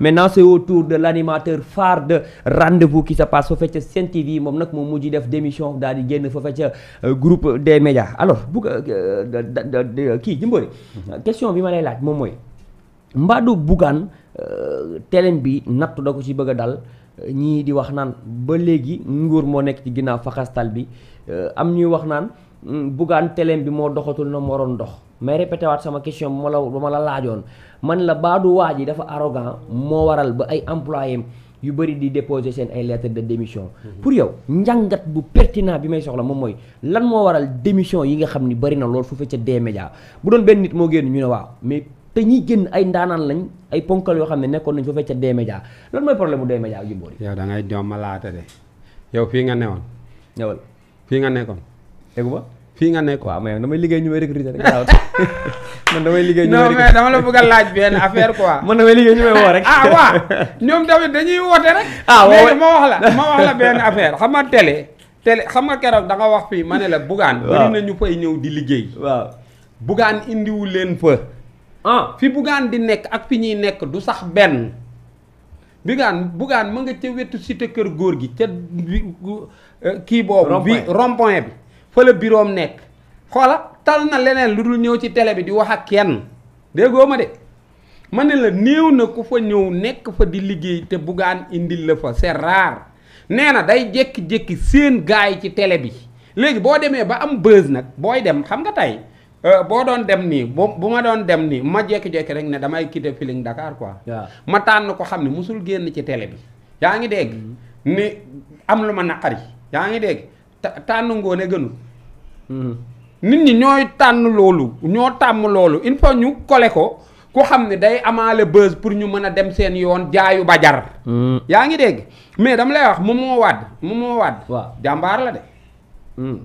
maintenant c'est au tour de l'animateur phare de rendez-vous qui se passe foofe ca Sen TV moom nag moom mujj def démission dal di génn foofe ca euh, groupe des média alors bu euh, kii Jimbori mhm. question bi ma lay laaj moom mooy mbaadu Bougane euh, télém bi nattu da ko ci bëgg a dal ñii di wax naan ba léegi nguur moo nekk ci ginnaaw faxastal bi am ñuy wax naan hmm, Bougane télém bi moo doxatul na moroon dox may répété waat sama question bu ma la ma la laajoon man la baadu waa ji dafa arrogant moo waral ba ay employé yu bëri di déposer seen ay lettre de démission mhm. pour yow njàngat bu pertinent bi may soxla moom mooy lan moo waral démission yi nga xam ni bëri na loolu fu fekk ca des médias bu doon benn nit moo génn ñu ne waaw mais te ñiy génn ay ndaanaan lañ ay ponkal yoo xam ne nekkoon nañ fu fekk ca des médias lan mooy problème bu des médias Jimbori yow da ngay jommalaate yow fii nga newoon ñëwal fii nga nekkoon déggu fii nga nekk waaw mais damay liggéey ñu may recruter rek man damay liggéey ñu may non mais dama laaj benn affaire quoi man damay liggéey ñu may woo rek ah waaw ñoom tamit dañuy woote rek ah léegi ma wax la ma wax la benn affaire xam nga télé télé xam nga keroog da wax fii ma ne la bugaan bëri na ñu fay ñëw di liggéey waaw indiwu leen fa ah fi bugaan di nekk ak fi ñuy nekk du sax benn bugaan bugaan ma nga ca wetu cité kër góor gi ca euh, kii boobu bi rond bi fële biroom nekk xoola tal na leneen lu dul ñëw ci tele bi di wax ak kenn déggoo ma de ma ne la néew na ku fa ñëw nekk fa di liggéey te buggaan indil la fa c'est nee na day jékki-jékki seen gaay ci tele bi léegi boo demee ba am buzz nag booy dem xam nga tey euh, boo doon dem nii bu bu ma doon dem nii ma jékki-jékki rek ne damay quitter Feeling Dakar quoi. ma tànn ko xam ne mosul génn ci télé bi. yaa ngi dégg mm-hmm. ni am lu ma naqari yaa ngi dégg tànn ngoone gënul. nit ñi ñooy tànn loolu ñoo tàmm loolu il faut ñu kole ko ku xam ne day amaale buzz pour ñu mën a dem seen yoon jaayu bajar mm. yaa ngi dégg mais dama lay wax moom moo wadd moom moo wadd jàmbaar la de mm.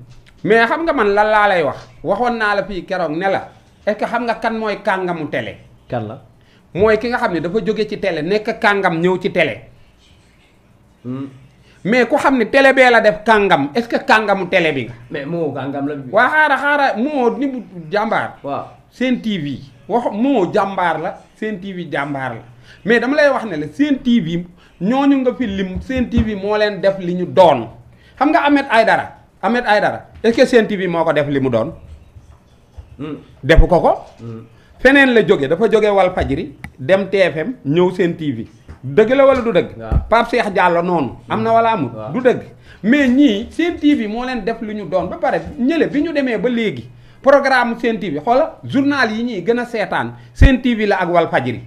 mais xam nga man lan laa lay wax waxoon naa la fii keroog ne la est xam nga kan mooy kàngamu télé kan la mooy ki nga xam ne dafa jóge ci télé nekk kàngam ñëw ci tele mais ku xam ne télé bee la def kàngam est-ce que kàngamu télé bi nga. mais moo kàngam waa xaara xaara moo ni mu jàmbaar. waaw seen TV wax mu jàmbaar la seen TV jàmbaar la mais dama lay wax ne la seen TV ñooñu nga fi lim seen TV moo leen def li ñu doon xam nga Ahmed ay dara Aïdara est-ce que seen TV moo ko def li mu doon. Hmm. defu ko ko. Hmm. feneen la jóge dafa jóge wal Walfadjri dem TFM ñëw seen TV. dëgg la wala du dëgg Pape Cheikh noonu am na wala amul du dëgg mais ñii seen TV moo leen def lu ñu doon ba pare ñële bi ñu demee ba léegi programme seen TV xoola journal yi ñuy gën a seetaan seen TV la ak wal fajiri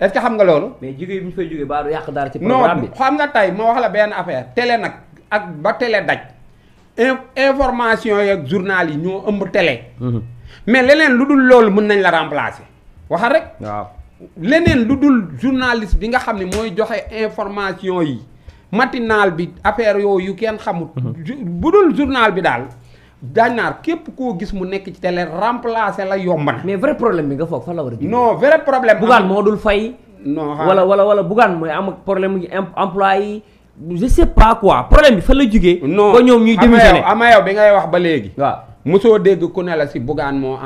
est-ce que xam nga loolu mais jugee bi ñu fay jugee yàq dara ci programme bi non xam nga tey moo wax la benn affaire télé nag ak ba télé daj information yi ak journal yi ñoo ëmb télé mhm. mais leneen lu dul loolu mën nañ la remplacer waxal rek leneen lu dul journaliste bi nga xam ne mooy joxe information yi matinal bi affaire yooyu kenn xamut. Mhm. bu dul journal bi daal. daanaar képp koo gis mu nekk ci télé remplacer la yomb na. mais vrai problème bi nga foog fan la war a. non vrai problème. bugaan moo dul fay. non ah. wala wala wala bugaan mooy am problème mu emploi yi je sais pas quoi problème bi fa la jógee. non ba ñoom ñuy démissionné ama yow bi ngay wax ba léegi. mu mosoo dégg ku ne la si Bougane moo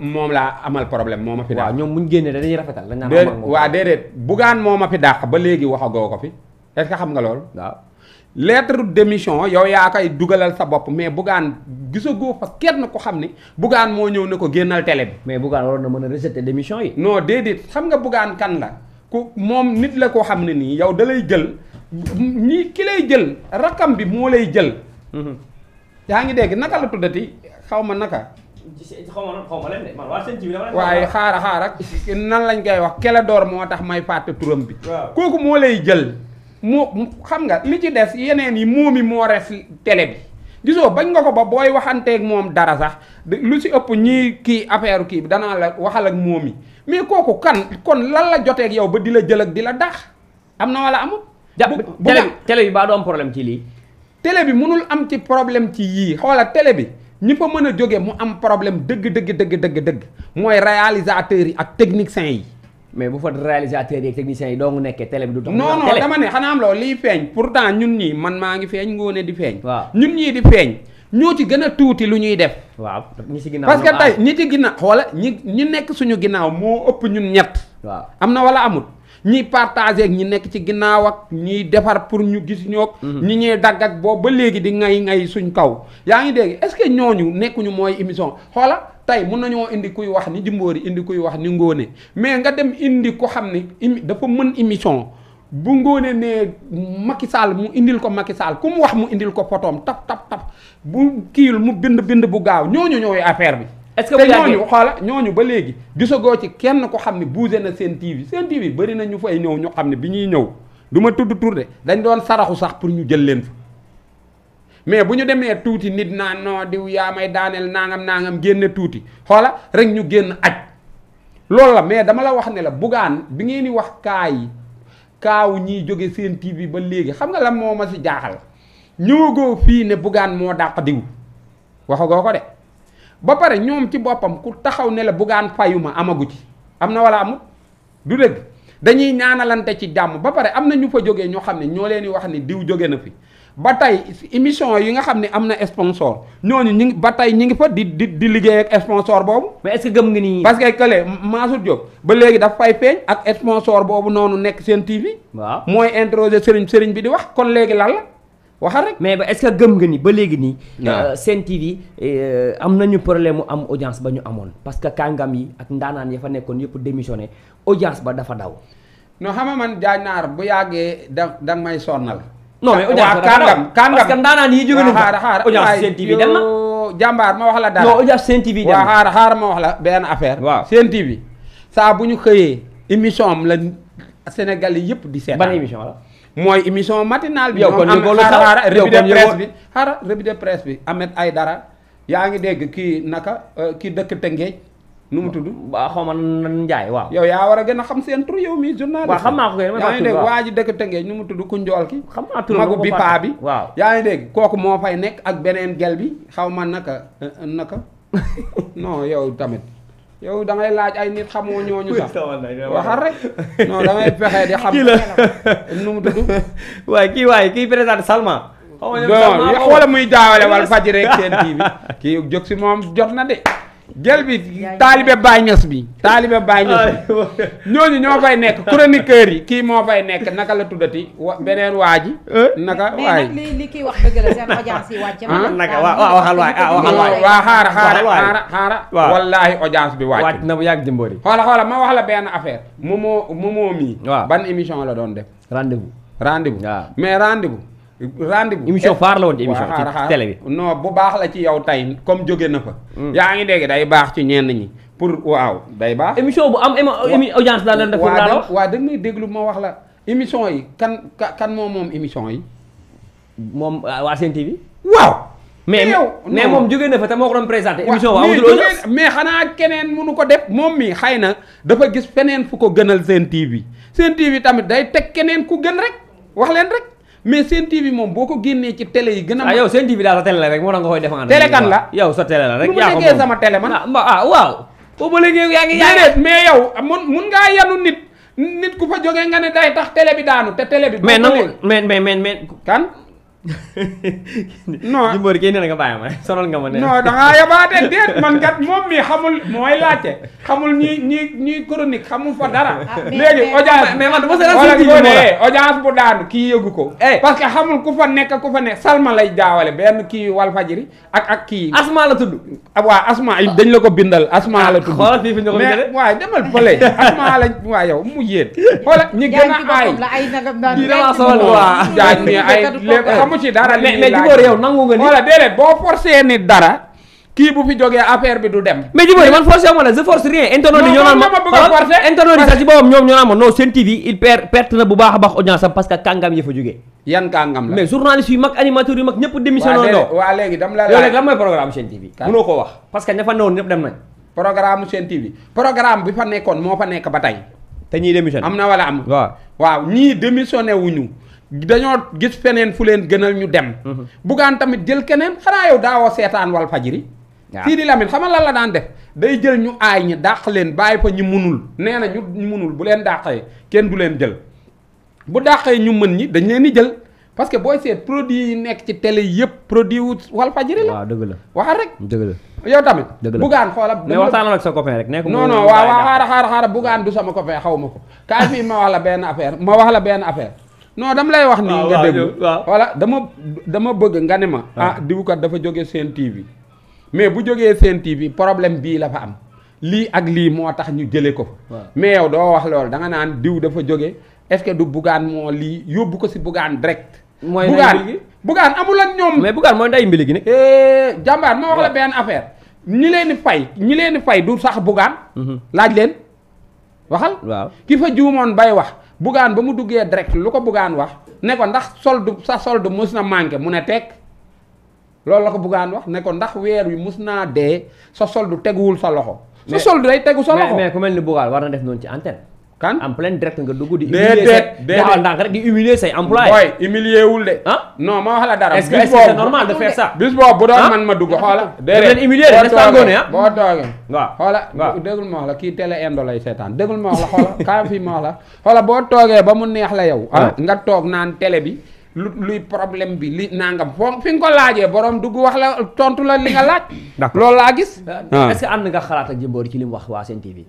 moom laa amal problème moo ma fi dàq. ñoom bu ñu génnee dañuy rafetal dañ naan amal waaw déedéet Bougane moo ma fi dàq ba léegi waxagoo ko fi est-ce xam nga loolu. waaw lettre démission yow yaa koy dugalal sa bopp mais Bougane gisagoo fa kenn ko xam ni Bougane moo ñëw ne ko génnal télé bi. mais Bougane waroon na mën a rejeter démission yi. non déedéet xam nga buggaan kan la ku moom nit la koo xam ne nii yow da lay jël ñii ki lay jël rakam bi moo lay jël. Mhm. ngi dégg naka la tuddati. xaw ma naka. waaye xaara xaara nan lañ koy wax kele door moo tax may fàtte turam bi. kooku moo lay jël. moo xam nga li ci des yeneen yi moom yi moo res tele bi. gisoo bañ nga ko ba booy waxanteeg moom dara sax lu ci ëpp ñii kii affaire kii bi danaa la waxal ak moom yi mais kooku kan kon lan la joteeg yow ba di la jël ak di la dax am na wala amul. bu bu télé bi baa du am problème ci lii. tele bi mënul am ci problème ci yii xoola tele bi. ñi fa mën a jóge mu am problème dëgg dëgg dëgg dëgg dëgg mooy réalisateurs yi ak techniciens yi. mais bu fa réalisateurs yi ak techniciens yi doo nekkee tele bi du tax. non non dama ne xanaa am loolu liy feeñ pourtant ñun ñii man maa ngi feeñ ngoonee di feeñ. waaw ñun ñii di feeñ ñoo ci gën a tuuti lu ñuy def. waaw ñi ci ginnaaw parce que tey ñi ci ginnaaw xoola ñi ñi nekk suñu ginnaaw moo ëpp ñun ñett. waaw am na wala amut. ñi partagé ñi nekk ci ginnaaw ak ñiy defar pour ñu gis ñoog mhm. ñi ñuy dagg boobu ba léegi di ngay ngay suñ kaw yaa ngi dégg est-ce que ñooñu nekkuñu mooy émission xoola tey mun nañoo indi kuy wax ni Jimbori indi kuy wax ni Ngone mais nga dem indi ko xam ne dafa mën émission bu Ngone ne Macky Sall mu indil ko Macky Sall ku mu wax mu indil ko potoom tap tap tap bu kiil mu bind bind bu gaaw ñooñu ñooy affaire bi est que te ñooñu xoola ñooñu ba léegi gisagoo ci kenn ko xam ne bougé na seen TV seen TV bëri na ñu fay ñëw ñu xam ne bi ñuy ñëw duma tudd tur de dañ doon saraxu sax pour ñu jël leen fa mais bu ñu demee tuuti nit naa noo diw yaa may daaneel nangam nangam génne tuuti xoola rek ñu génn aj lool la mais dama la wax ne la bugaan bi ngeen di wax kaa yi kaawu ñiy jóge seen TV ba léegi xam nga lan moo ma si jaaxal ñëwagoo fii ne bugaan moo dàq diw waxagoo ko de. ba pare ñoom ci boppam ku taxaw ne la bugaan fayuma amagu ci am na wala amut du dëgg dañuy ñaanalante ci jàmm ba pare am na ñu fa jógee ñoo xam ne ñoo leen di wax ni diw jóge na fi ba tey émission yi nga xam ne am na esponsor ñooñu ñu ngi ba tey ñu ngi fa di di di liggéey ak sponsor boobu. mais est-ce gëm nga nii parce que kële Mansour Diop ba léegi daf fay feeñ ak sponsor boobu noonu nekk seen TV. waaw mooy introduire sëriñ sëriñ bi di wax kon léegi lan la. waxal rek mais ba est-ce gëm nga nii ba léegi nii. Euh, Sen TV euh, am na ñu problème mu am audience ba ñu amoon parce que kàngam yi ak ndaanaan yi fa nekkoon yëpp démissionné audience ba dafa daw. non xam nga man jaay naar bu yàggee da da may sonnal. non no audience dafa daw kàngam kàngam parce que ndaanaan yi jóge jàmbaar ma wax la dara non audience na waaw xaar xaar ma wax la benn affaire. waaw Sen TV saa bu ñu xëyee émission am la Sénégal yëpp di seetaan ban émission la. mooy émission matinal bi. yow kon yëgoo bi xaaral revue de presse bi Ahmed yaa ngi dégg kii naka euh, kii dëkk Tëngéej. nu mu tudd waaw ma nan Njaay waaw. yow yaa war a gën a xam seen yow mi xam naa ko ji dëkk Tëngéej nu mu tudd ku njool ki. xam naa tur magu bi bi. waaw yaa ngi dégg kooku moo fay nekk ak beneen gel bi xaw ma naka euh, naka non yow tamit. yow da laaj ay nit xamoo ñooñu sax waxal rek non da ngay di xam. kii la nu mu tudd. waaye kii waaye kii président Salma. xaw ma muy jaawale wal faj rek seen kii bi kii moom jot na de. jël bi taalibe Baay Ñas bi taalibe Baay Ñas bi ñooñu ñoo fay nekk chroniqueur yi kii moo fay nekk naka la tuddati wa beneen waa ji eh? yi ah? na naka waaw waxal waay ah, waa xaara xaara xaara wallaahi audience bi wàcc wàcc na bu yàgg jëmboori xoola xoola ma wax la benn affaire momo momo mii ban émission la doon def rendez-vous rendez-vous mais rendez-vous rendez-vous émission faar la woon ci émission ci télé bi non bu baax la ci yow tey comme jóge na fa hmm. yaa ngi dégg day baax ci ñenn ñi pour waaw day baax émission bu am audience laa doon def laa la wax waaw da la émission yi kan kan moom moom émission yi moom waa Sen TV waaw mais mais moom jógee na fa te moo ko doon présenté émission waaw mais xanaa keneen mënu ko def moom mi xay na dafa gis feneen fu ko gënal Sen TV Sen TV tamit day teg keneen ku gën rek wax leen rek mais seen TV moom boo ko génnee ci tele yi gën a. ah yow seen TV daal sa télé la rek moo tax nga koy défendre. télé kan la yow sa télé la rek. yaa ko moom sama télé man ah, ah waaw. boobu léegi yaa ngi yaa mais yow mun mun ngaa yanu nit nit ku fa jogee nga ne day tax télé bi daanu te télé bi. mais nangu mais mais mais kan. non Jimbori kii nee na nga bàyyi ma sonal nga ma ne. non dangaa yabaate déet man kat moom mi xamul mooy laajte xamul ñi ñi ñi chronique xamul fa dara. Ah, léegi audience mais man audience bu daanu kii yëgu ko. Eh. parce que xamul ku fa nekk ku fa benn kii Walfadjri kii. Asma la tudd. Ah, la ko bindal Asma la tudd. Ah, xoolal waaye demal fële Asma la waaw yow mu yéen. xoolal ñi gën a aay jaajëf ay lépp amu mais Djibor yow nangu nga ni. boo forcé ni dara. kii bu fi jógee affaire bi du dem. mais Djibor man forcé wu ma la je force rien. internaute yi ñoo naan ma internaute seen TV il perd perte na bu baax a baax audience parce que kàngam yi fa jógee. yan kàngam la mais journaliste yu mag animateurs yu mag ñëpp démissionné woon. waaw waaw léegi dama la laaj léegi mooy programme seen TV. mënoo bi fa nekkoon moo fa nekk ba tey. te ñii démissionné am na wala am. waaw dañoo gis feneen fu leen gënal ñu dem. Mhm. bugaan tamit jël keneen xanaa yow daawoo seetaan wal fajiri. waaw Sidi Lamine xam nga lan la daan def day jël ñu aay ñi dàq leen bàyyi fa ñu mënul nee na ñu mënul bu leen dàqee kenn du leen jël. bu dàqee ñu mën ñi dañ leen di jël parce que booy seet produit yi nekk ci télé yëpp produit wu wal fajiri la. waaw dëgg la waxal rek dëgg la. yow tamit bugaan xoola mais waxtaanal ak sa copain rek nekk non non waaw waaw xaara xaara xaara bugaan du sama copain xaw ma ko kaay fii benn affaire ma wax benn affaire non dama lay wax ni ah, nga déglu voilà dama dama bëgg nga ne ma ah, ah diwkat dafa jóge seen TV mais bu jógee seen TV problème bii la fa am lii ak lii moo tax ñu jële ko mais yow doo wax loolu da nga naan diw dafa jóge est-ce que du bugaan moo lii yóbbu ko si buggaan direct mooy bugaan amul ak ñoom mais bugaan mooy nday mbili gi nag eh, jàmbaar ma wax la benn affaire ñi leen di fay ñi leen di fay du sax bugaan mhm. laaj leen waxal ki fa juumoon bay wax bugaan ba mu duggee direct lu ko bugaan wax ne ko ndax soldu sa soldu mus na manqué mu ne teg loolu la ko bugaan wax ne ko ndax weer wi mus naa dee sa soldu teguwul sa loxo. sa soldu day tegu sa loxo mais mais ku mel ni bugaan war na def noonu ci antenne. kan en plein direct nga dugg di. déedéet déedéet ndax say employé. booy wul de. ah ma wax la dara. est-ce que bu doon man ma dugg xoola. déedéet leen humilier de n'est-ce ngoone ah. boo toogee ma wax la kii télé indo lay seetaan déggul ma wax la xoola ma wax la. xoola boo toogee ba mu neex la yow. nga toog naan tele bi. lu luy problème bi li nangam foo fi nga ko laajee borom dugg wax la tontu la li nga laaj. loolu laa gis. Euh, est ànd nga xalaat ak Jimbori ci li mu wax waa Sen TV.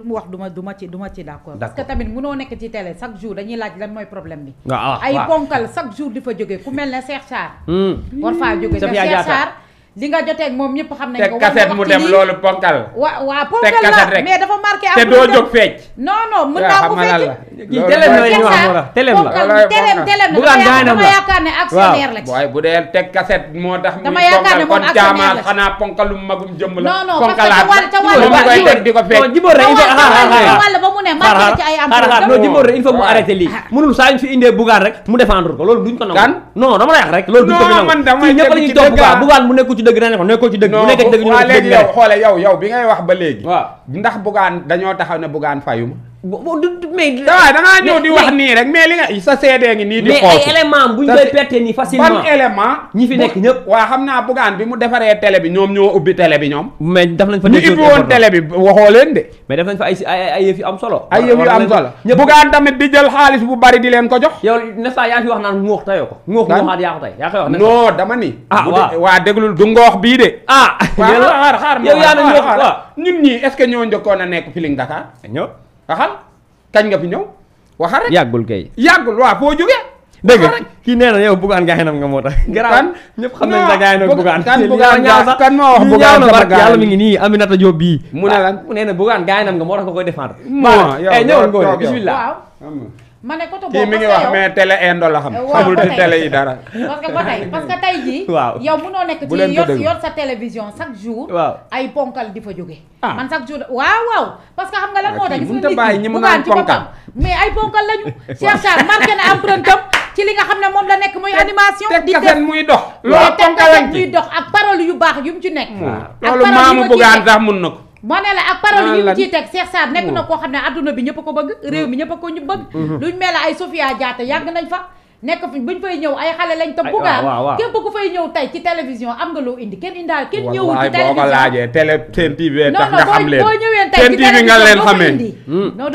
lu mu wax du ma du ma ci du ma ci d'accord parce que tamit munoo nekk ci télé chaque jour dañuy laaj lan mooy problème bi ah, ah, ay ponkal chaque jour di fa jógee ku mel ne Cheikh Sarr hmm. war faa jóge te Cheikh Sarr li nga jotee moom ñëpp xam nañ ko. te mu dem loolu ponkal. wa waaw ponkal la mais dafa marqué. te doo jóg fecc. non non mën naa ko fecc. la telem la telem la dama yaakaar ne la bu dee teg kaset moo tax. dama yaakaar ne moom actionnaire la ci xanaa ponkalum magum jëmm la. non non parce que mu ne am. xaar xaar non jibóor rek il faut mu arrêté lii. mënul rek mu défendre ko loolu duñ ko nangu. non dama lay wax rek. loolu man dama ci ñëpp la ñuy topp quoi bugaan bu ah. nekkul ci dëgg dañu ko nekkoo ci dëgg. bu nekkee ci dëgg ñu nekk ci dëgg yow xoole yow yow ba léegi. waaw ndax bugaan dañoo taxaw ne bugaan fayuma boo du mais. ñëw di wax nii rek mais li nga sa seedee ngi nii. di xool mais ay éléments buñ koy perte nii facilement ban élément. ñi fi nekk ñëpp. waaw xam naa bugaan bi mu defaree télé bi ñoom ñoo ubbi télé bi ñoom. mais daf lañ fa ñu ubbi woon waxoo leen de. mais daf lañ fa ay ay ay yëf yu am solo. ay yëf yu am solo bugaan tamit di jël xaalis bu bari di leen ko jox. yow Nesta yaa fi wax naan ngoox tayoo ko. ngoox ngooxaat yaa ko tey wax. non dama ni. ah waaw waa bii de. ah yow yaa na ñun ñii est-ce que ñoo njëkkoon a nekk Feeling Dakar ñoo waxal kañ nga fi ñëw waxal rek yàggul kay yàggul waaw foo jógee dégg nga kii nee na yow bugaan nga xenam nga moo tax garaan ñëpp xam nañ da gaay nag bugaan kan bugaan nga kan moo wax bugaan sama gaay bii mu ne ah. lan nee na bugaan gaay nam nga moo tax ko koy défendre mo yow eh, ñëwal ngóone bismillah ma ne koto boobu mi ngi wax mais télé la xam. xamul ci yi dara. parce que ba tey parce que tey jii. waaw yow munoo nekk ci yor yor sa télévision chaque jour. waaw ay ponkal di fa jóge. Ah. man chaque jour waaw waaw. parce que xam nga lan ah, moo tax gis nga nit ñi bugaan ci boppam mais ay ponkal lañu. Cheikh Sarr marqué na empreinte am ci li nga xam ne moom la nekk muy animation. di teg muy dox. loolu ponkal lañ ci muy dox ak parole yu baax yu mu ci nekk. ak parole yu loolu maamu bugaan sax mun na ko. moo ne la ak parole yi ah, mu ciy teg Cheikh Sarr nekk na koo xam ne àdduna bi ñëpp ko bëgg réew mi ñëpp a ko ñu bëgg luñ mm-hmm. mel la ay Sofia Diatta yàgg nañ fa nekk fi buñ fay ñëw ay xale lañ te bugaan képp ku fay ñëw tey ci television am nga loo indi kenn indaal kenn ñëwul ci télévision boo ko laajee télé Sen TV nga xam leen boo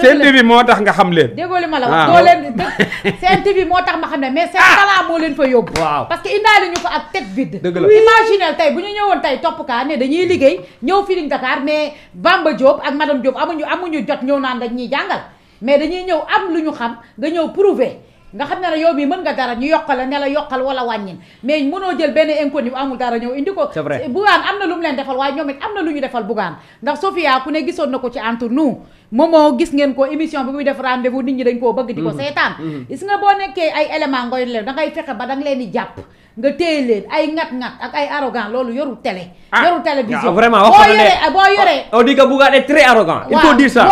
ñëwee hmm. moo tax nga xam leen ma ah, moo tax ma xam ne mais seen talent ah! moo leen fa yóbbu parce que indaale ñu ko ak tête vide imaginel tey bu ñu ñëwoon tey topp kaa ne dañuy liggéey ñëw Feeling Dakar mais Bamba Diop ak madame Diop amuñu amuñu jot ñëw naan dañuy jàngal mais dañuy ñëw am lu ñu xam nga ñëw prouver nga xam ne la yow mii mën nga dara ñu yokkal ne la yokkal wala wàññin mais mënoo jël benn inconnu amul dara ñëw indi ko bugaan am na lu mu leen defal waaye ñoom it am na lu ñu defal bugaan ndax Sofia ku ne gisoon na ko ci entre nous moom moo gis ngeen ko émission bi muy def rendez-vous nit ñi dañ koo bëgg di ko mm-hmm. seetaan mm-hmm. gis nga boo nekkee ay élément ngoy leen dangay ngay fexe ba da leen di jàpp nga téye leen ay ngat-ngat ak ay arrogant loolu yorul télé. Ah, yorul télévision ah, vraiment wax nga ne boo yoree ah, on dit que ay arrogant il est ma la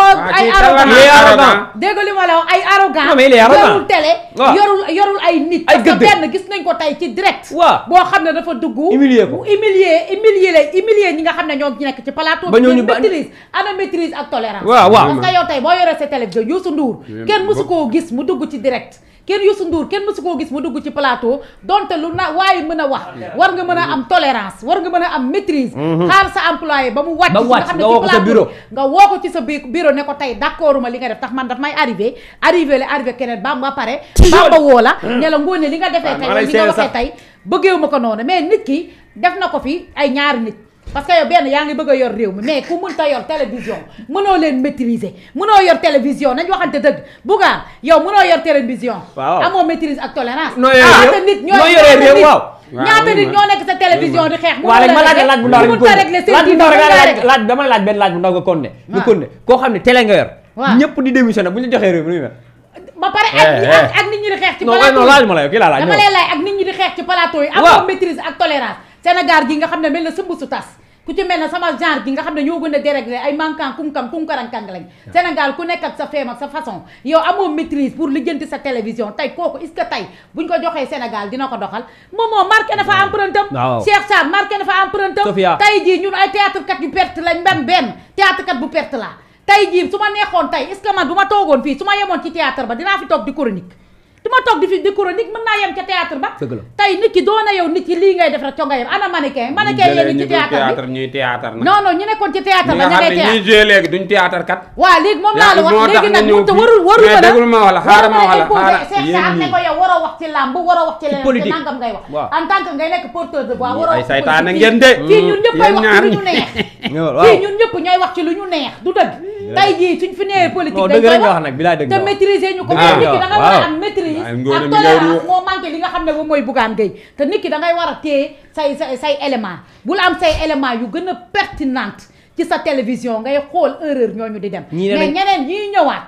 wax ay arrogant. mais il yorul télé. yorul ay nit. ay gëdd parce gis nañ ko tey ci direct. waaw boo xam ne dafa dugg. humilier ko humilier humilier la humilier ñi nga xam ne ñoom ñu nekk ci plateau. ba ñooñu ba maîtrise ana maîtrise ak tolérance. waaw waaw parce que yow tey boo yoree sa télévision Youssou Ndour kenn mësu koo gis mu dugg ci direct kenn Youssou Ndour kenn mësu koo gis mu dugg ci plateau donte lu na waaye mën a wax war nga mën a am tolérance war nga mën a am maîtrise mhm. xaar sa employé ba mu wàcc ci nga xam ne ci plateau nga woo ko ci sa bureau ne ko tey d'accord ma li nga def tax man daf may arrivé arrivé la arrivé keneen ba ba pare ba ba woo la mm. ne la ngóone li nga defee ah, tey li nga waxee tey bëggeewu ma ko noonu mais nit ki def na ko fi ay ñaari nit parce que yow benn yaa ngi bëgg a yor réew mi mais ku mën ta yor télévision mënoo leen maîtriser mënoo yor nañ waxante dëgg Bougane yow mënoo yor télévision waaw amoo maîtrise ak tolérance ñaata nit ma laaj laaj laaj bu ndaw rek laaj koo xam ne télé nga yor ñëpp di démissionné bu eh, ak ak eh. la yow kii laa laaj dama lay laaj ak nit Sénégal gi nga xam ne mel na sëmb su tas ku ci mel ne sama genre gi nga xam ne ñoo gën a déréglé ay mankan kunkam kunkarangkang lañ Sénégal ku nekk sa feem sa façon yow amoo maîtrise pour lijjanti sa télévision tey kooku est-ce que tey ko joxee Sénégal dina ko doxal moom moo marqué na fa empreinte am Cheikh Sarr marqué na fa empreinte am jii ñun ay théâtre kat yu perte lañ benn benn théâtre kat bu perte la tey jii su ma neexoon tey est-ce que man bu ma toogoon fii su ma yemoon ci ba dinaa fi toog di chronique fi ma toog di fi di chronique mën naa yem ca théâtre ba tey nit ki doona yow nit lii ngay def rek ca yem ana mannequin mannequin yéen ñu ci théâtre bi ñuy théâtre nag non ci théâtre ba ña ngay théâtre ñuy joué léegi duñ théâtre kat waaw léegi moom laa wax léegi nag mu warul warul ma déglu ma wala xaaral ma wala xaaral yéen ñi ko yow waroo wax ci làmb waroo wax ci leneen nangam ngay wax en tant que ngay nekk porteur de voix waroo wax ay saytaane ngeen de fii ñun ñëppay wax ci lu fii ñun ñëpp ñooy wax ci lu ñu neex du dëgg tey jii suñ fi neewee mm. politique dañ koy wax te maîtriser ñu ko nit ki da nga war a am maîtrise ak tolérance moo manqué li nga xam ne moom mooy Bougane Gueye te nit ki da ngay war a téye say say say élément bul am say élément yu gën a pertinente ci sa télévision ngay xool ñoo ñu di dem mais ñeneen ñiy ñëwaat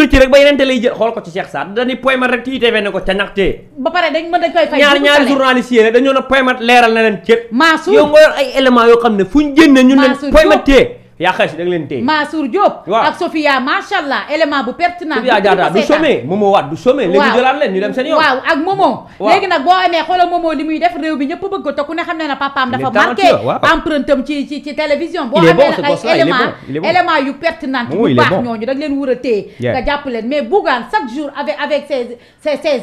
rëcc rek dañ mën dañ leeral na leen cër yow nga yor ay éléments yoo xam ne fu ñu génne ñun leen poymat tee yàqal si da nga leen téye Mansour Diop waaw ak Sofia macha allah élément bu pertinent Sofia Diatta du chômé Momo Wade du chômé léegi jëlaat leen ñu dem seen waaw ak Momo léegi nag boo amee xoolal Momo li muy def réew bi ñëpp bëgg ko te ku ne xam ne na papaam dafa marqué empreinte am ci ci ci boo amee nag ay élément élément yu pertinent bu baax ñooñu leen war a téye nga jàpp leen mais Bougane chaque jour avec avec ses ses ses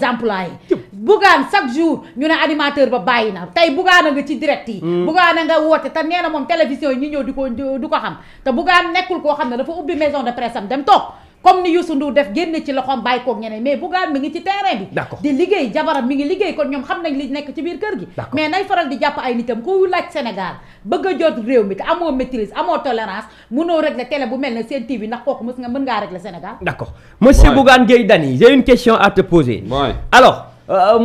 chaque jour ñu ne animateur ba bàyyi na tey Bougane nga ci direct yi hmm. Bougane nga woote te nee na moom télévision ñu ñëw di ko du ko xam te Bougane nekkul koo xam ne dafa ubbi maison de presse dem toog comme ni Youssou Ndour def génn ci loxoom bàyyi koog ñeneen mais Bougane mi ngi ci terrain bi di liggéey jabaram mi ngi liggéey kon ñoom xam nañ li nekk ci biir kër gi mais nay faral di jàpp ay nitam ku laaj Sénégal bëgg a jot réew mi te amoo maîtrise amoo tolérance mënoo régler télé bu mel na seen TV ndax kooku mës nga mën ngaa régler Sénégal d'accord monsieur Bougane Gueye Dany j'ai une question à te poser alors Euh,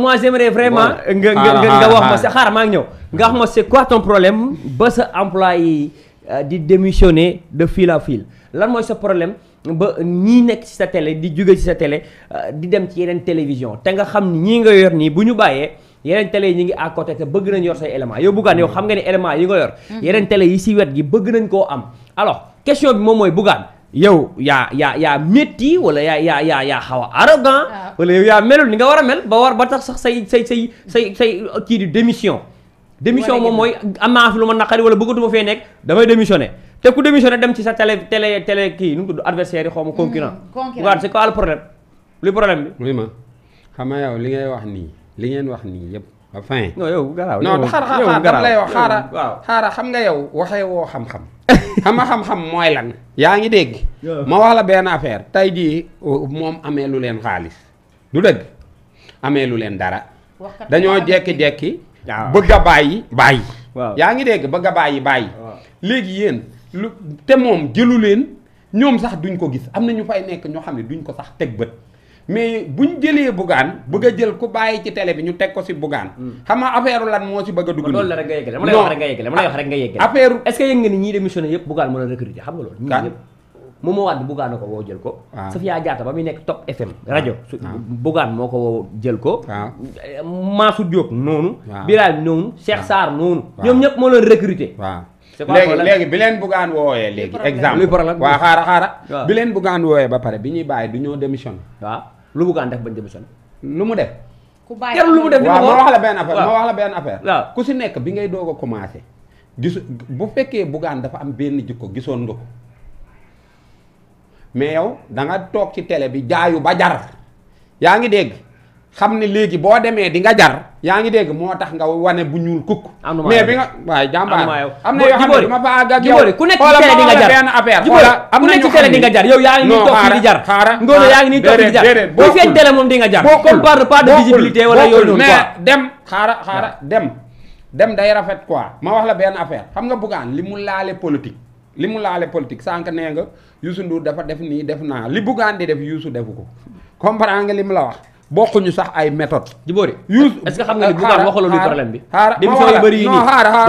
Euh, di démissionner de fil à fil lan mooy sa problème ba ñii nekk ci sa télé di jóge ci sa télé euh, di dem ci yeneen télévision te nga xam ni ñii nga yor nii bu ñu bàyyee yeneen télé yi ñu ngi à côté te bëgg nañ yor say élément yow Bougane yow xam nga ni élément yi nga yor mm-hmm. yeneen télé yi ci wet gi bëgg nañ koo am alors question bi moom mooy Bougane yow yaa yaa yaa métti wala yaa yaa yaa yaa xaw a arrogant ah. wala yow yaa melul ni nga war a mel ba war ba tax sax say say say say say kii di démission démission moom mooy am naa fi lu ma naqari wala bëggatuma fee nekk damay démissionné te ku démissionné dem ci sa télé télé télé kii nu mu tudd adversaire yi xaw ma hmm, concurrent waaw c'est quoi le problème luy problème bi. ma xam nga yow li ngay wax nii li ngeen wax nii yëpp ba fin. non yow garaaw non xaar xaar dama lay wax xaara xaara xam nga yow waxee woo xam-xam xam nga xam-xam mooy lan yaa ngi dégg ma wax la benn affaire tey jii moom amee lu leen xaalis du dëgg amee lu leen dara dañoo jekki-jekki bëgg a bàyyi bàyyi. yaa ngi dégg bëgg a bàyyi bàyyi. léegi yéen lu te moom jëlu leen ñoom sax duñ ko gis am na ñu fay nekk ñoo xam ne duñ ko sax teg bët. mais buñ jëlee bugaan bëgg a jël ku bàyyi ci télé bi ñu teg ko si bugaan. Hmm. xam nga lan moo si bëgg a dugg. loolu la rek nga yëgale ma lay wax rek nga yëgale ma lay wax rek nga yëgale. affaire est-ce que yëg nga ni ñii yëpp bugaan mën a recruter xam nga loolu. moom moo waat Bougane ko woo jël ko. waaw ah. Sofia Diatta ba muy nekk Top FM. rajo ah. su ah. Bougane moo ko woo jël ko. waaw Mansour Diop noonu. waaw Bilal noonu. Cheikh saar noonu. ñoom ñëpp moo leen recruter. léegi bi leen Bougane wooyee léegi. exemple waaw xaara xaara. bi leen Bougane wooyee ba pare bi ñuy bàyyi du ñoo démission. waaw lu Bougane def lu mu def. ku bàyyi lu mu def waaw wax la benn affaire ma wax la benn affaire. waaw ku si nekk bi ngay doog a commencé. gis bu fekkee Bougane dafa am benn jikko gisoon nga mais yow danga nga toog ci tele bi jaayu ba jar yaa ngi dégg xam ne léegi boo demee di nga jar yaa ngi dégg moo tax nga wane bu ñuul kukk mais bi nga waaye jàmbaar am na yoo xam ne dama ba àgg ak yow ku nekk ci télé di nga jar benn am na ku nekk ci télé di yaa ngi nii toog fii di jar xaara ngóono yaa ngi nii toog fii di jar boo feeñ télé moom di nga jar comme par pas de visibilité wala yooyu noonu mais dem xaara xaara dem dem day rafet quoi ma wax la benn affaire xam nga buggaan li mu laale politique li mu laale politique sànq nee nga Youssou Ndour dafa def nii def naa li Bougane di def Youssou defu ko comprendre nga li mu la wax bokkuñu sax ay méthode Djibori Youssou est-ce que xam nga ni euh, Bougane bi xaara dem soo bëri yi nii xaara xaara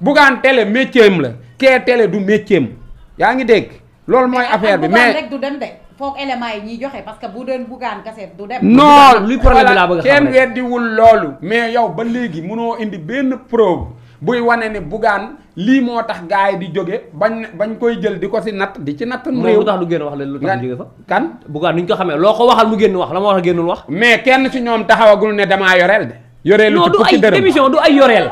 bu la ko télé métier la kee télé du métier yaa ngi dégg loolu mooy affaire bi mais rek du dem de foog éléments yi ñuy joxe parce que bu doon Bougane kese du dem non luy problème bi laa bëgg a xam kenn weddiwul loolu mais yow ba léegi mënoo indi benn preuve buy wane ne Bougane lii moo tax gars yi di jóge bañ bañ koy jël di ko si natt di ci natt. réew lu tax du génn wax leen lu tax jóge fa. kan Bougane ni ñu ko xamee loo ko waxal mu génn wax la ma wax a génnul wax. mais kenn si ñoom taxawagul ne damaa yoreel de. yoreelu ci fukki dërëm non du ay émission du ay yoreel.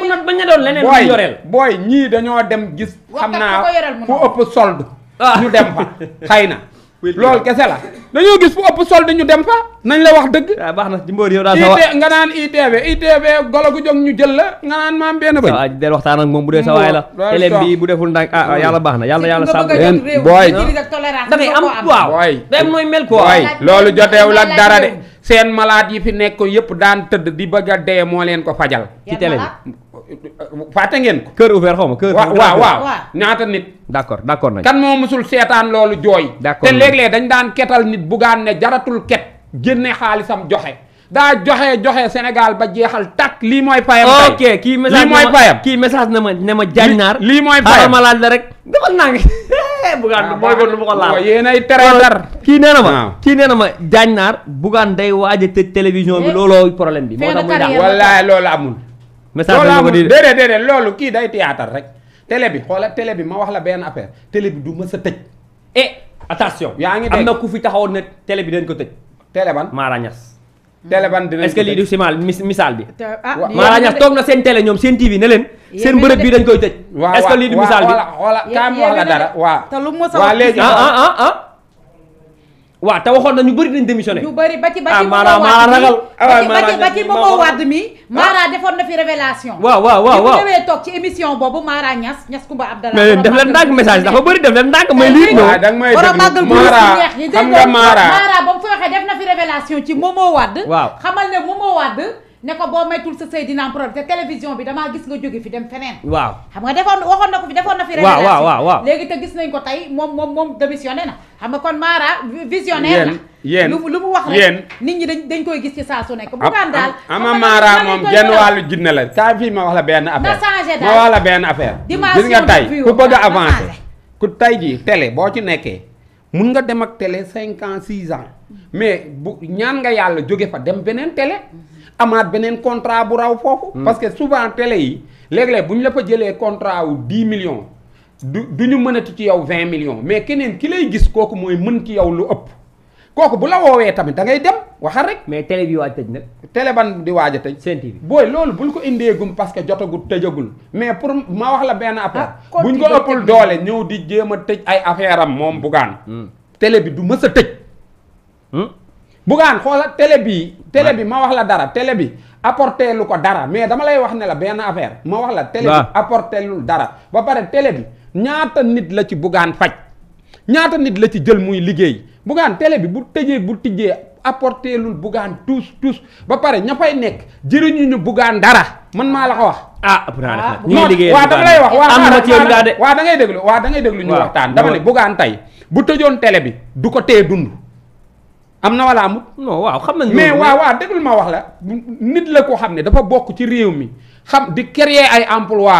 ku nag bañ a doon leneen booy ñii dañoo dem gis. xam naa ku ëpp solde. Ah. ñu dem fa xëy na lool kese la dañoo gis fu ëpp sol di ñu dem fa nañ la wax dëgg. waaw ah, baax na Jimbori yow daal sa wax nga naan ITV ITV golo gu jóg ñu jël la nga naan maam benn bëñ. waaw del ak moom bu dee la. élève bi bu deful ndànk ah, ah yàlla baax na yàlla yàlla sàmm. leen booy da ngay am waaw dem mooy mel ko booy loolu joteewul ak dara de seen malade yi fi nekk yëpp daan tëdd di bëgg a dee moo leen ko fajal. ci télé bi fàtte ngeen ko. cœur ouvert xaw ma cœur. waaw waaw ñaata nit. d' accord d' accord nañ kan moo musul seetaan loolu jooy. d' accord te léeg dañ daan ketal nit bugaan ne jaratul ket génne xaalisam joxe. daa joxe joxe Sénégal ba jeexal takk lii mooy payam. ok kii message lii kii message na ma ne ma jaañ naar. lii mooy payam ma laaj la rek. defal naa ngi bugaan mooy ko ko laal yéen ay tere dar kii nee na ma kii nee na ma jaañ naar bugaan day waaj a tëj télévision bi eh. looloo problème bi. moo tax muy daal wallaay amul. message la ko di déedéet déedéet kii day théâtre rek télé bi xoola télé bi ma wax la benn affaire télé bi du ma sa tëj yaa ngi am na ku fi taxawoon ne télé bi dañ ko tëj télé ban Mara Niass télé ban dinañ est-ce que lii du simal misaal bi Mara Niass toog na seen télé ñoom seen TV ne leen seen bërëb bi dañ koy tëj est-ce que lii du misaal bi xoola kaam wax dara waa waaw léegi ah ah ah waaw te waxoon na ñu bëri dañ démissionné. ñu bëri ba ci ba ci ah, Maara Maara ragal. Ah, mi Maara defoon na fi révélation waaw waaw waaw waaw ñëwee toog ci émission boobu Maara Niass Niass Koumba Abdallah mais def leen ndànk message dafa bëri def leen ndànk may lii ñëw danga may déglu Maara xam nga Maara Maara ba mu fi waxee def na fi révélation ci Momo Wade waaw xamal ne Momo Wade ne ko boo maytul sa sëy dina am problème te bi damaa gis nga jóge fi dem feneen waaw xam nga defoon waxoon na ko fi defoon na fi waaw waaw waaw léegi te gis nañ ko tey moom moom moom démissionné na xam nga kon Mara visionnaire la yéen lu mu wax rek nit ñi dañ dañ koy gis ci saa su nekk bugaan daal ama Mara moom genn wàllu jinne la saa fii ma wax la benn affaire ma wax affaire gis nga tey ku bëgg a avancé ku tey ji télé boo ci nekkee mun nga dem ak tele cinq ans six ans mais bu ñaan nga yàlla jóge fa dem beneen télé amaat beneen contrat bu raw foofu. Hmm. parce que souvent télé yi léeg-léeg bu ñu la fa jëlee contrat wu 10 millions du du ñu mënati ci yow vingt millions mais keneen ki lay gis kooku mooy mën ci yow lu ëpp. kooku bu la woowee tamit da ngay dem waxal rek. mais télé bi waaj tëj nag. télé ban di waaja a tëj. seen TV booy loolu bul ko indeegum parce que jotagul tëjagul. mais pour ma wax la benn affaire. Ah, buñ ko ëppul doole ñëw di jéem a tëj ay affaire am moom bugaan. Hmm. télé bi du mës a bugaan xoola télé bi télé bi ma wax la dara tele bi apporté ko dara mais dama lay wax ne la benn affaire ma wax la télé bi apporté lu dara ba pare tele bi ñaata nit la ci bugaan faj ñaata nit la ci jël muy liggéey bugaan télé bi bu tëjee bu tijjee apporté lul bugaan tous tous ba pare ña fay nekk jëriñu ñu bugaan dara man maa la ko wax ah, aa ñu ah, ngi liggéey waaw dama lay wax waaw waaw da ngay déglu waaw da ngay déglu ñu waxtaan dama ne bugaan tey bu tëjoon tele bi du ko tee dund am na wala amut. non waaw xam nañ mais waaw waaw déglu ma wax la nit la ko xam ne dafa bokk ci réew mi xam di créer ay emploi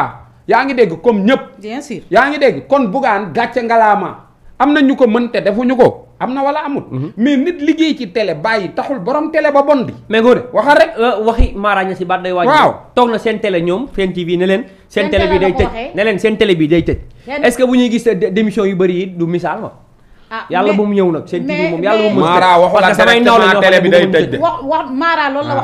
yaa ngi dégg comme ñëpp. bien sûr yaa ngi dégg kon bugaan gàcce ngalaama am na ñu ko mën te defuñu ko am na wala amut. Mhm. mais nit liggéey ci télé bàyyi taxul borom télé ba bon bi mais góor waxal rek. Euh, waxi maaraaña si baat day. waaj waaw toog na seen télé ñoom seen TV ne leen. seen télé bi day tëj ne leen seen télé bi day tëj. est-ce que bu ñuy yu bëri du misaal ma. Ah, yàlla bu mu ñëw nag seen TV moom yàlla bu mu Mara waxu la wax wax Mara ah.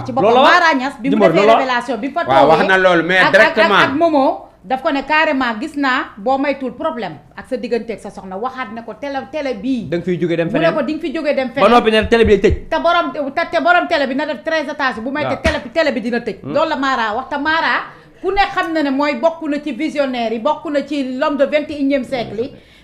bi mu defee révélation bi fa toogee wax na loolu mais directement ak Momo daf ko ne carrément gis naa boo may maytul problème ak sa digganteeg sa soxna waxaat ne ko télé télé bii da ko di nga fi jógee dem feneen ba noppi ne télé bi day tëj te borom te borom télé bi na def très attention bu may te télé bi dina tëj hmm. loolu la Mara wax te ku ne xam na ne mooy bokk na ci visionnaire yi bokk na ci l'homme de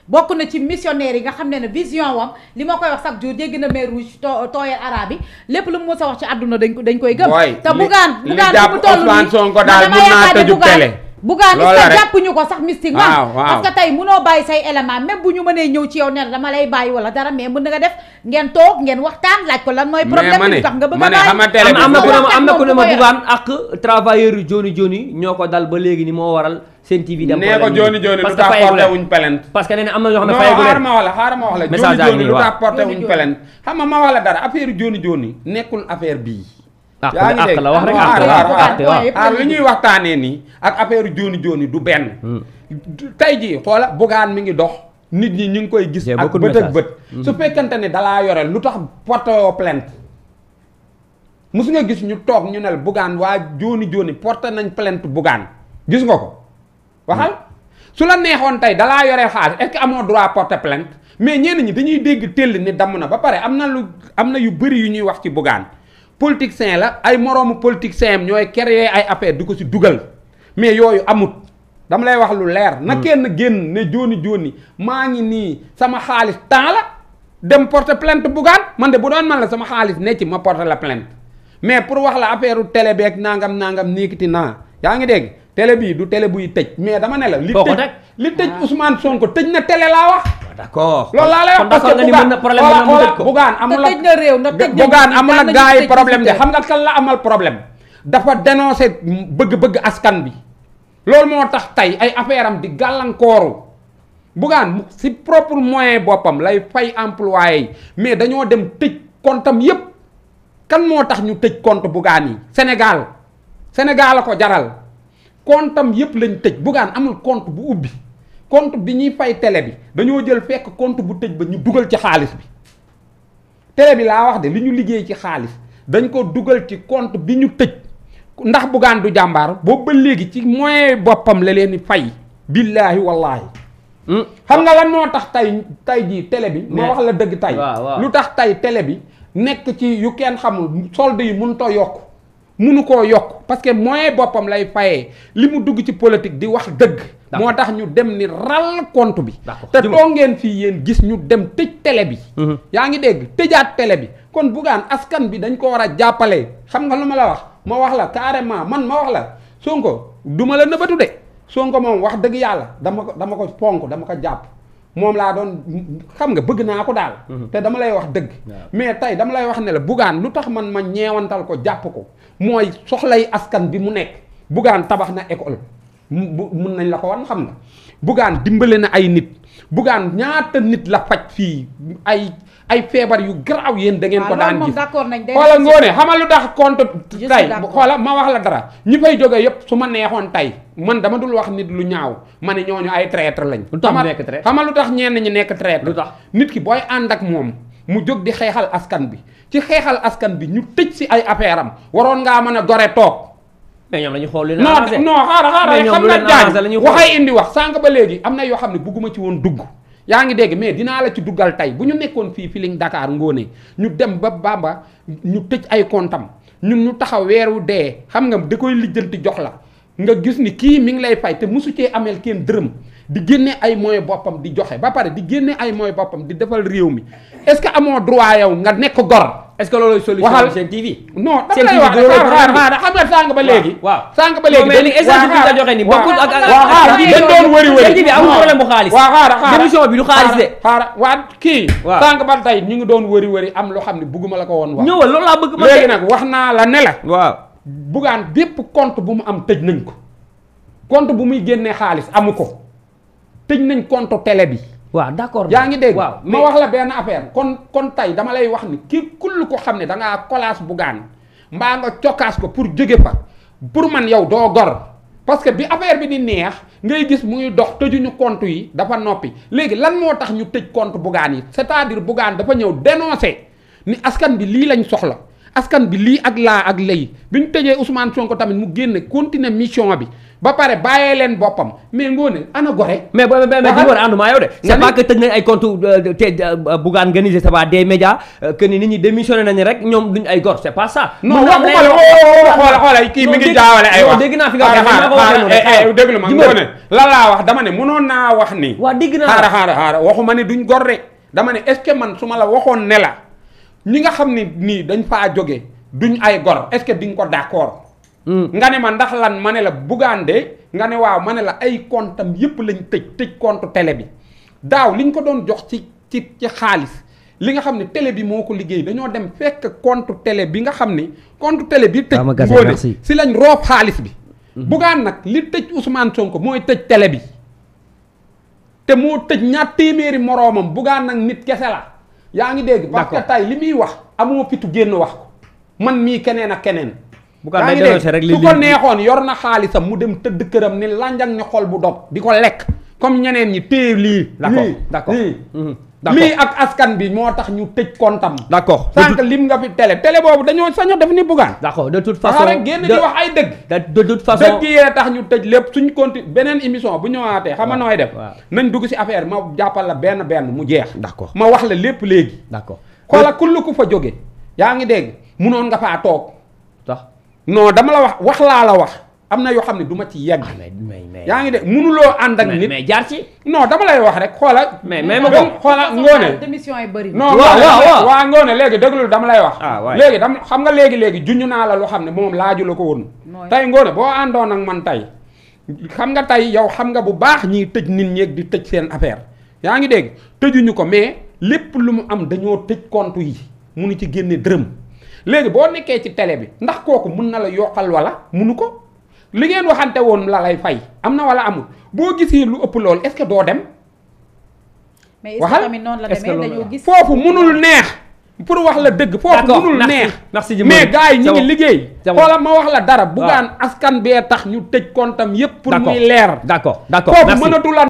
bokk na ci missionnaire yi nga xam ne ne vision wam li ma koy wax chaque jour jéggi na mer rouge tooyal arabe yi lépp lu mu mës a wax ci àdduna dañ dañ koy gëm te bugaan bugaan bu toll nii dama yaakaar ne bugaan bugaan sa jàpp ñu ko sax mystique waaw waaw parce que munoo bàyyi say élément même bu ñu mënee ñëw ci yow ne dama lay bàyyi wala dara mais mën na nga def ngeen toog ngeen waxtaan laaj ko lan mooy problème bi tax nga bëgg a bàyyi am na ku ne ma ak travailleur yu joni ñoo ko dal ba léegi ni moo waral seen TV dem nee ko parce que nee na am na ñoo xam ne fayagu leen ma wax la xaaral ma wax la message joni joni lu tax porté wuñ pelent xam nga ma wax la dara affaire joni joni nekkul affaire bii yaa ngi dégg wax rek ah, àq la li ah, ñuy waxtaanee nii ak affaire jooni jooni du benn. Hmm. tey jii xoola bugaan mi ngi dox. nit ñi ñu ngi koy gis. ak bët ak bët. Hmm. su fekkante ne dalaa yore lu tax porté woo plainte. musu nga gis ñu toog ñu ne bugaan waa jooni jooni porté nañ plainte bugaan gis nga ko. waxal hmm. su la neexoon tey dalaa yore xaalis est-ce que amoo droit porté plainte mais ñenn ñi dañuy dégg tell ni damm na ba pare am na lu am na yu bëri yu ñuy wax ci bugaan. politicien la ay moroomu politicien am ñooy créer ay affaire di ko si dugal mais yooyu amut dama lay wax lu leer. na hmm. kenn génn ne jooni jooni maa ngi nii sama xaalis temps la dem porter plainte Bougane man de bu doon man la sama xaalis ne ci ma porter la plainte mais pour wax la affaire télé beeg nangam nangam niikiti naa yaa ngi dégg tele bii du tele buy tëj mais dama ne la. li tëj li tëj ah. Ousmane Sonko tëj na télé laa wax. d' accord loolu laa lay wax parce que Bougane Bougane amul ak Bougane amul ak gars yi problème de xam nga kan la amal problème dafa dénoncé bëgg-bëgg askan bi loolu moo tax tey ay affaire am di gàllankooru Bougane si propre moyen boppam lay fay employé mais dañoo dem tëj kontam yëpp kan moo tax ñu tëj compte Bougane yi Sénégal Sénégal la ko jaral kontam yëpp lañ tëj Bougane amul compte bu ubbi compte bi ñuy fay télé bi dañoo jël fekk compte bu tëj ba ñu dugal ci xaalis bi télé bi laa wax de li ñu liggéey ci xaalis dañ ko dugal ci compte bi ñu tëj ndax Bougane du jàmbaar boobu ba léegi ci moyen boppam la leen fay billaahi wallaahi hmm. xam nga lan moo tax tey tey jii télé bi moo wax la dëgg tey lu tax tey télé bi nekk ci yu kenn xamul solde yi mënut a yokk munu koo yokk parce que moyen boppam lay fayee li mu dugg ci politique di wax dëgg. moo tax ñu dem ni ral compte bi. te too ngeen fii yéen gis ñu dem tëj télé bi. Mm-hmm. yaa ngi dégg tëjaat télé bi kon bugaan askan bi dañ ko war a jàppale xam nga lu ma la wax ma wax la carrément man ma wax la Sonko duma la nëbatu de Sonko moom wax dëgg yàlla dama ko dama ko ponk dama ko jàpp. moom laa doon xam nga bëgg naa ko daal. Mhm. te dama lay wax dëgg. mais tey dama lay wax ne la bugaan lu tax man ma ñeewantal ko jàpp ko mooy soxlay askan bi mu nekk buggaan tabax na école mu mun nañ la ko wan xam nga bugaan dimbale na ay nit. bugaan ñaata nit la faj fii ay ay feebar yu garaaw yéen da ngeen ko ah, daan gis xoola ngoone xamal lu tax compte tey xoola ma wax la dara ñi fay jóge yëpp su ma neexoon tey man dama dul wax nit lu ñaaw ma ne ñooñu ay traître lañ xamal lu tax ñenn ñi nekk traître lu tax nit ki booy ànd ak moom mu jóg di xeexal askan bi ci xeexal askan bi ñu tëj si ay affaire am waroon ngaa mën a dore toog mais ñoom dañu xool li non non xaaral xaaral xam nga jaañ waxay indi wax sànq ba léegi am na yoo xam ne bugguma ci woon dugg yaa ngi dégg mais dinaa la ci duggal tey bu ñu nekkoon fii Feeling Dakar ngóone ñu dem ba baam ba ñu tëj ay kontam ñun ñu taxaweer wu dee xam nga di koy lijjanti jox la nga gis ni kii mi ngi lay fay te mosu cee ameel kenn dërëm di génne ay moyens boppam di joxe ba pare di génne ay mooy boppam di defal réew mi est-ce que amoo droit yow nga nekk gor. est-ce que loolu solution waxal seen TV. non dama lay wax xaar xaar xam ba léegi. waaw sàng ba léegi. dañuy exemple bi joxe nii bokkul ak. waaw xaar dañ doon wëri wëri seen TV amul problème bu bi du xaalis de. xaar waa kii. tey ñu ngi doon wëri wëri am loo xam ne bugguma la ko woon wax. ñëwal loolu laa bëgg ma léegi nag wax naa la ne la. waaw bugaan bépp compte bu mu am tëj nañ ko compte bu muy génnee xaalis amu ko tëj nañ kont télé bi. waaw d'accord yaa ngi dégg. waaw ma wax la benn affaire kon kon tey dama lay wax ni kii kull ko xam ne da ngaa kolaas bu gaan mbaa nga cokkaas ko pour jóge fa pour man yow doo gor. parce que bi affaire bi ni neex ngay gis muy dox tëjuñu compte yi dafa noppi léegi lan moo tax ñu tëj compte bugaan yi c'est-à-dire bugaan dafa ñëw dénoncer ni askan bi lii lañ soxla askan bi lii ak laa ak lay bi ñu tëjee Ousmane ko tamit mu génne continuer mission bi. ba pare bàyyee leen boppam mais ngoone ana gore mais mais mais di war ànduma yow de c'est pas que tëj nañ ay compte euh, te euh, Bougane nga ni sabaa des euh, ni nit ñi démissionné nañ rek ñoom duñ ay gor c'est pas ça non waxuma la xoola oh, oh, oh, xoola kii mi ngi jaawale ay wax dégg naa fi nga wax eh, eh, eh, déglu ma ngoone la laa wax dama ne mënoon naa wax ni waa dégg naa xaara xaara xaara waxuma ne duñ gor rek dama ne est-ce que man su ma la waxoon ne la ñi nga xam ne nii dañ faa jóge duñ ay gor est-ce di nga ko d'accord Mm. nga ne ma ndax lan ma ne la Bougane de nga ne waaw ma ne la ay compte am yëpp lañ tëj tëj compte télé bi daaw liñ ko doon jox ci ci ci xaalis li nga xam ne tele bi moo ko liggéey dañoo dem fekk conte tele bi nga xam ne compte télé bi tëj boo si lañ roob xaalis bi mm-hmm. Bougane nag li tëj Ousmane Sonko mooy tëj télé bi te moo tëj ñaar téeméeri moroomam Bougane nag nit kese la yaa ngi dégg parce que tey li muy wax amoo fitu génn wax ko man mii keneen ak keneen yaa ngi dégg su ko neexoon yor na xaalisam mu dem tëdd këram ni lanjang ni xol bu dog di ko lekk comme ñeneen ñi téye lii d'accord mhm. d'accord lii ak askan bi moo tax ñu tëj kontam d'accord sànq lim nga fi tele télé boobu dañoo saño def ni bugaan d'accord de toute façon rek génn di wax ay dëgg de toute façon dëgg yee tax ñu tëj lépp suñ conti beneen émission bu ñëwaatee xam nga nooy def nañ dugg si affaire ma jàppal la benn benn mu jeex d'accord ma wax la lépp léegi d'accord xoola kullu ku fa jóge yaa ngi dégg munoon nga faa toog non dama la wax wax laa la wax am na yoo xam ne duma ci yegg. Ah, yaa ngi de mënuloo ànd ak nit. mais jaar ci. non dama lay wax rek xoola. mais mais ma ko xoola ngoone. démission yi bëri na. non ngoone léegi déglul dama lay wax. Ah, léegi dama xam nga léegi léegi junj naa la loo xam ne moom laaju la ko woon. tey ngoone boo àndoon ak man tey. xam nga tey yow xam nga bu baax ñiy tëj nit ñeeg di tëj seen affaire yaa ngi dégg tëjuñu ko mais lépp lu mu am dañoo tëj kont yi munu ci génne dërëm. léegi boo nekkee ci télé bi ndax kooku mun na la yokkal wala munu ko li ngeen waxante woon la lay fay am na wala amul boo gisee lu ëpp loolu est-ce que doo dem. mais est-ce noonu la demee foofu munul neex. pour wax la dëgg foofu munul neex mais gars yi ñu ngi liggéey xoola ma wax la dara ah. buggaan askan bee tax ñu tëj kontam yépp pour muy leer d'accord d'accord foofu mënatu la